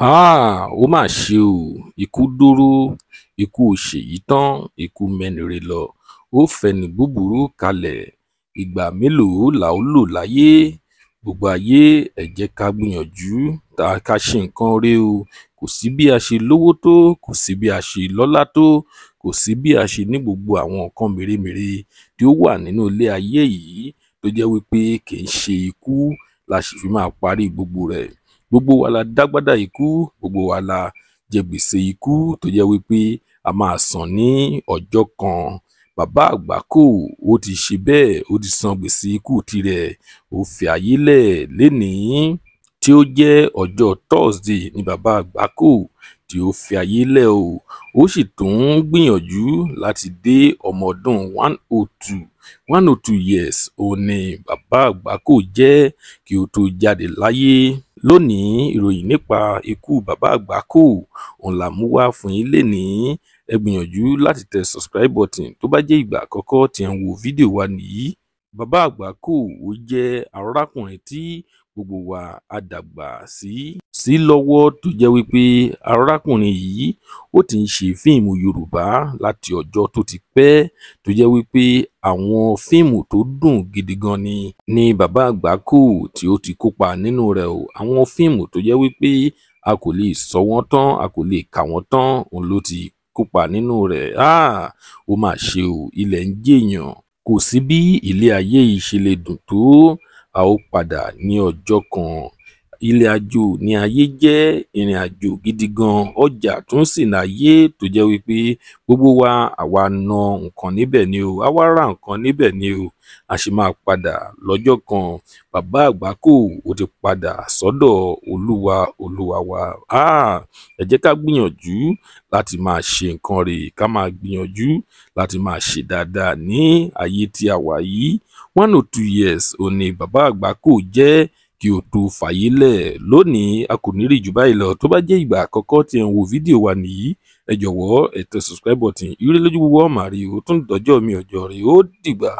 háà ah, ó mà ṣe o ikú dọ̀rọ̀ ikú ṣèyí tán ikú mẹ́nire lọ ó fẹni búburú kalẹ̀ ìgbà mélòó la ó lò láyé gbogbo ayé ẹ jẹ́ ká gbìyànjú tá a ká ṣe nǹkan rẹ o kò sí bí a ṣe lówó tó kò sí bí a ṣe lọ́lá tó kò sí bí a ṣe ní gbogbo àwọn nǹkan mèremère tí ó wà nínú ilé ayé yìí tó jẹ́ wípé kì í ṣe ikú la sì fi máa parí gbogbo rẹ̀ gbogbo wa la dágbádá ikú gbogbo wa la jẹ gbèsè ikú tó jẹ́ wípé a máa san ní ọjọ́ kan bàbá àgbákò ó ti ṣe bẹ́ẹ̀ ó ti san gbèsè ikú tirẹ̀ ó fi ayé lẹ̀ lénìí tí ó jẹ́ ọjọ́ Thursday ní bàbá àgbákò tí ó fi ayé lẹ̀ o ó sì tún gbìyànjú láti dé ọmọ ọdún one oh two one or two years òun ni bàbá àgbákò jẹ́ kí ó tó jáde láyé lónìí ìròyìn nípa ikú bàbá àgbákò òun là mú wá fún yín lénìí ẹ gbìyànjú láti tẹ subscribe button tó bá jẹ́ ìgbà àkọ́kọ́ tí ẹ ń wo fídíò wa nìyí bàbá àgbákò ó jẹ́ arákùnrin tí gbogbo wa á dàgbà sí sí lọ́wọ́ tó jẹ́ wípé arákùnrin yìí ó ti ń ṣe fíìmù Yorùbá láti ọjọ́ tó ti pẹ́ tó jẹ́ wípé àwọn fíìmù tó dùn gidi gan ni ni Bàbá Àgbákò tí ó ti kópa nínú rẹ̀ o àwọn fíìmù tó jẹ́ wípé a kò lè sọ wọ́n tán a kò lè kà wọ́n tán òun ló ti kópa nínú rẹ̀ ah! ó mà ṣe o ilẹ̀ ń jèèyàn kò sí bí ilé ayé yìí ṣe lè dùn tó a ó padà ní ọjọ́ kan ilẹ̀ àjò ní ayé jẹ́ ìrìn àjò gidi gan ọjà tún sì láyé tó jẹ́ wípé gbogbo wa àwa na nǹkan níbẹ̀ ni o àwa ra nǹkan níbẹ̀ ni o a sì máa padà lọ́jọ́ kan bàbá àgbákò ó ti padà sọ́dọ̀ olúwa olúwa wa ẹ jẹ́ ká gbìyànjú láti máa ṣe nǹkan rè ká máa gbìyànjú láti máa ṣe dáadáa ní ayé tí a wà yìí one or oh two years òní bàbá àgbákò jẹ́ kí o tó fàyè lẹ̀ lónìí a kò ní rí jù báyìí lọ tó bá jẹ́ ìgbà àkọ́kọ́ tí ẹ ń wo fídíò wa nìyí ẹ jọ̀wọ́ ẹ tẹ subscribe button ìrírí lójú gbogbo ọmọ àrí o tún dọjọ́ mi ọjọ́ rẹ̀ ó dìgbà.